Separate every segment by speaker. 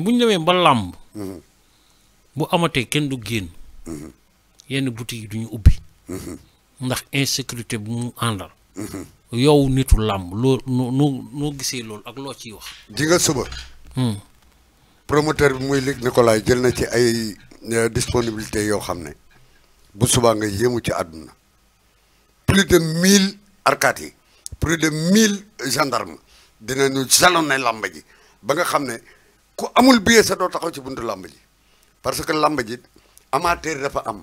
Speaker 1: bu ñu demee ba làmb mhm. bu amatee kenn du génn mhm. yenn boutique yi du ubbi mhm. ndax insécurité bu mu àndal yow nitu làmb loo noo noo gisee loolu ak loo ciy wax ji nga suba hmm. promoteur bi muy Luc Nicolaï jël na ci ay euh, disponibilité yoo xam ne bu subaa nga yéemu ci àdduna plus de mille arcades yi plus de mille gendarmes dinañu jalonné làmb ji ba nga xam ne ku amul biasa sa doo taxaw ci buntu làmb ji parce que làmb ji amateur dafa am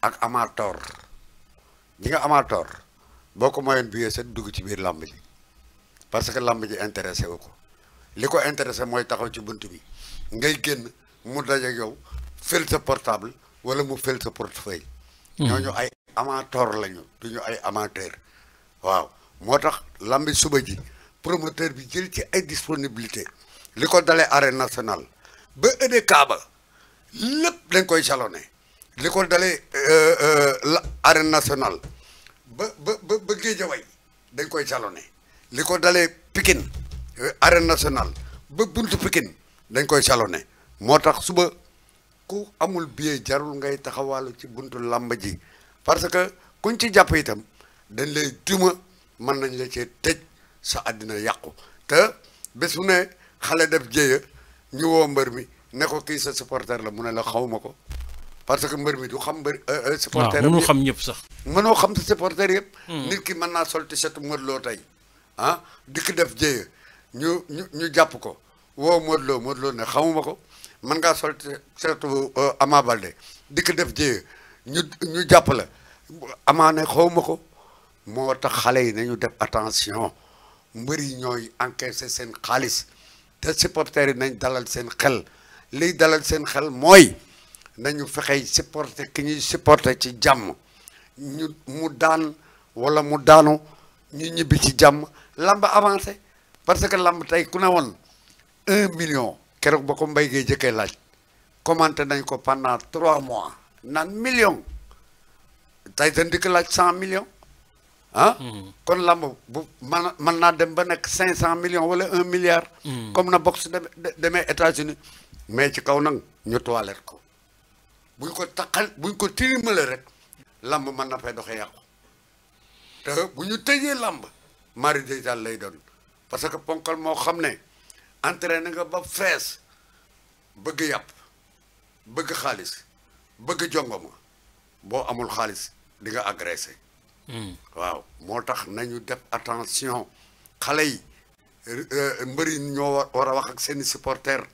Speaker 1: ak amateur ñi nga amateur biasa ko mayoon billet sa dugg ci biir làmb ji parce que làmb ji intéressé wu ko intéressé mooy taxaw ci bi ngay génn mu daje yow fël sa portable wala mu amator sa portefeuille hmm. ñooñu ay amateur lañu duñu ay amateur waaw moo suba ji promoteur bi jël ci ay disponibilité li ko dalee arène national ba EDK ba lépp dañ koy jalonné li ko dalee euh, euh, la arène nationale ba ba ba ba Géejawaay dañ koy jalonné li ko dalee pikin euh, arène nationale ba buntu pikin dañ koy jalonné moo tax suba ku amul billet jarul ngay taxawaalu ci buntu làmb ji parce que kuñ ci jàpp itam dañ lay duma mën nañ la cee tëj sa àddina yàqu te bés xale def jéeya ñu woo mbër mi ne kii sa supporter la mu ne la xaw ma ko parce que mbër mi du xam mbër. Euh, euh, supporter mënoo xam ñëpp sax. mënoo xam sa supporter yëpp. Hmm. nit ki mën naa sol t-shirt Modou Lo tey ah dikk def jéeya ñu ñu ñu jàpp ko woo Modou ne xamuma ko mën ngaa sol t-shirt euh, Ama Baldé def jéeya ñu ñu jàpp la Ama ne xawma ko moo tax xale yi nañu def attention mbër yi ñooy encaisser seen xaalis. te yi nañ dalal seen xel liy dalal seen xel mooy nañu fexey supporter ki ñuy supporter ci jàmm ñu mu daan wala mu daanu ñu ñibbi ci jàmm lamb avancé parce que lamb tey ku ne un million keroog ba ko mbéy gee jëkkee laaj commenté nañ ko pendant trois mois naan million tey dañ di laaj cent million ah kon lamb bu man mën naa dem ba nekk cinq millions wala un milliard hmm. comme na boxe de demee États-Unis mais ci kaw nag ñu toilette ko buñ ko taqal buñ ko tirimale rek lamb mën na fay doxee yàqu te bu ñu lamb mari dal lay don. parce que ponkal moo xam ne entraîné nga ba fees bëgg yàpp bëgg xaalis bëgg jongoma amul xaalis di nga Hmm. waaw moo tax nañu def attention xale yi euh, euh, mbër yi ñoo war a wax ak seeni supporter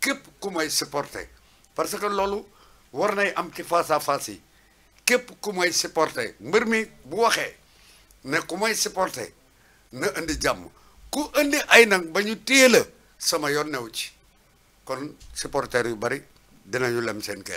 Speaker 1: képp ku may supporter parce que loolu war nay am ci face à face yi képp ku may supporter mbër mi bu waxee ne ku may supporter na indi jàmm ku indi ay nag bañu ñu téye sama yoon new ci kon supporter yu bari dinañu lem seen kër